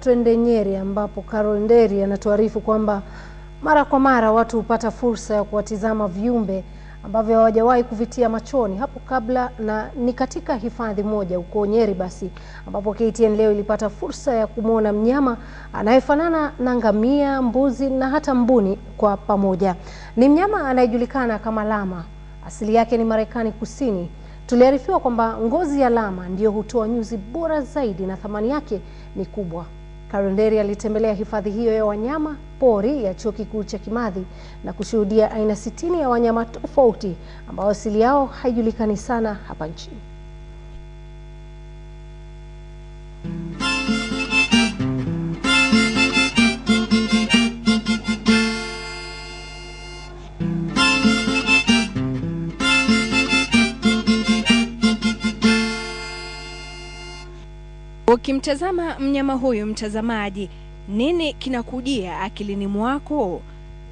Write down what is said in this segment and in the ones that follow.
twende Nyeri ambapo Carol Nderi anatuarifu kwamba mara kwa mara watu hupata fursa ya kuwatizama viumbe ambavyo hawajawahi kuvitia machoni hapo kabla, na ni katika hifadhi moja huko Nyeri basi ambapo KTN leo ilipata fursa ya kumwona mnyama anayefanana na ngamia, mbuzi na hata mbuni kwa pamoja. Ni mnyama anayejulikana kama lama, asili yake ni Marekani Kusini. Tuliarifiwa kwamba ngozi ya lama ndiyo hutoa nyuzi bora zaidi na thamani yake ni kubwa. Karunderi alitembelea hifadhi hiyo ya wanyama pori ya Chuo Kikuu cha Kimathi na kushuhudia aina sitini ya wanyama tofauti ambao asili yao haijulikani sana hapa nchini. Ukimtazama mnyama huyu, mtazamaji, nini kinakujia akilini mwako?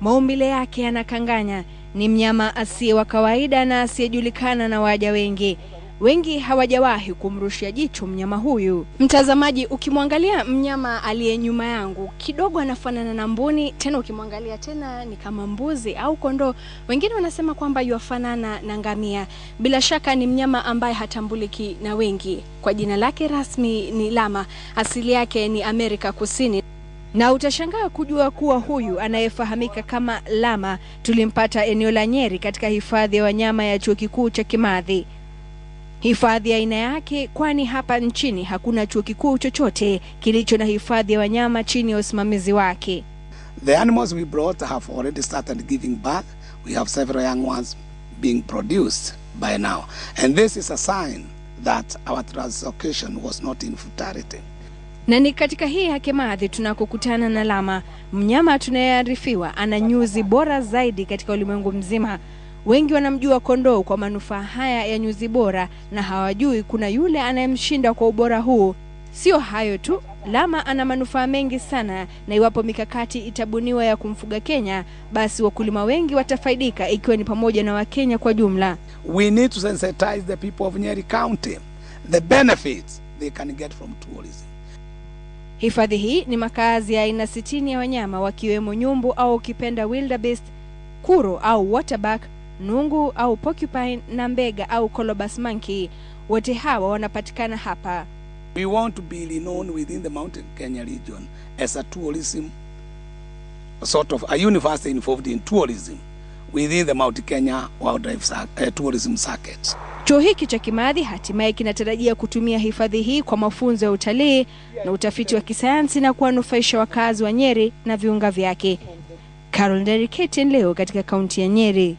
Maumbile yake yanakanganya, ni mnyama asiye wa kawaida na asiyejulikana na waja wengi wengi hawajawahi kumrushia jicho mnyama huyu. Mtazamaji, ukimwangalia mnyama aliye nyuma yangu kidogo anafanana na mbuni, tena ukimwangalia tena ni kama mbuzi au kondoo. Wengine wanasema kwamba yuafanana na ngamia. Bila shaka ni mnyama ambaye hatambuliki na wengi. Kwa jina lake rasmi ni lama, asili yake ni Amerika Kusini na utashangaa kujua kuwa huyu anayefahamika kama lama tulimpata eneo la Nyeri katika hifadhi ya wanyama ya chuo kikuu cha kimadhi hifadhi ya aina yake, kwani hapa nchini hakuna chuo kikuu chochote kilicho na hifadhi ya wanyama chini ya usimamizi wake. The animals we brought have already started giving birth. We have several young ones being produced by now. And this is a sign that our translocation was not in futility. Na ni katika hii Hakemaadhi tunakokutana na lama, mnyama tunayearifiwa ana nyuzi bora zaidi katika ulimwengu mzima. Wengi wanamjua Kondoo kwa manufaa haya ya nyuzi bora na hawajui kuna yule anayemshinda kwa ubora huu. Sio hayo tu, Lama ana manufaa mengi sana, na iwapo mikakati itabuniwa ya kumfuga Kenya, basi wakulima wengi watafaidika, ikiwa ni pamoja na Wakenya kwa jumla. We need to sensitize the people of Nyeri County the benefits they can get from tourism. Hifadhi hii ni makazi ya aina sitini ya wanyama wakiwemo nyumbu au ukipenda wildebeest, kuro au waterbuck nungu au porcupine na mbega au colobus monkey. Wote hawa wanapatikana hapa. We want to be known within the Mountain Kenya region as a tourism a sort of a university involved in tourism within the Mount Kenya wildlife uh, tourism circuit. Chuo hiki cha kimadhi hatimaye kinatarajia kutumia hifadhi hii kwa mafunzo ya utalii na utafiti wa kisayansi na kuwanufaisha wakazi wa Nyeri na viunga vyake. Carol Nderi, KTN leo katika kaunti ya Nyeri.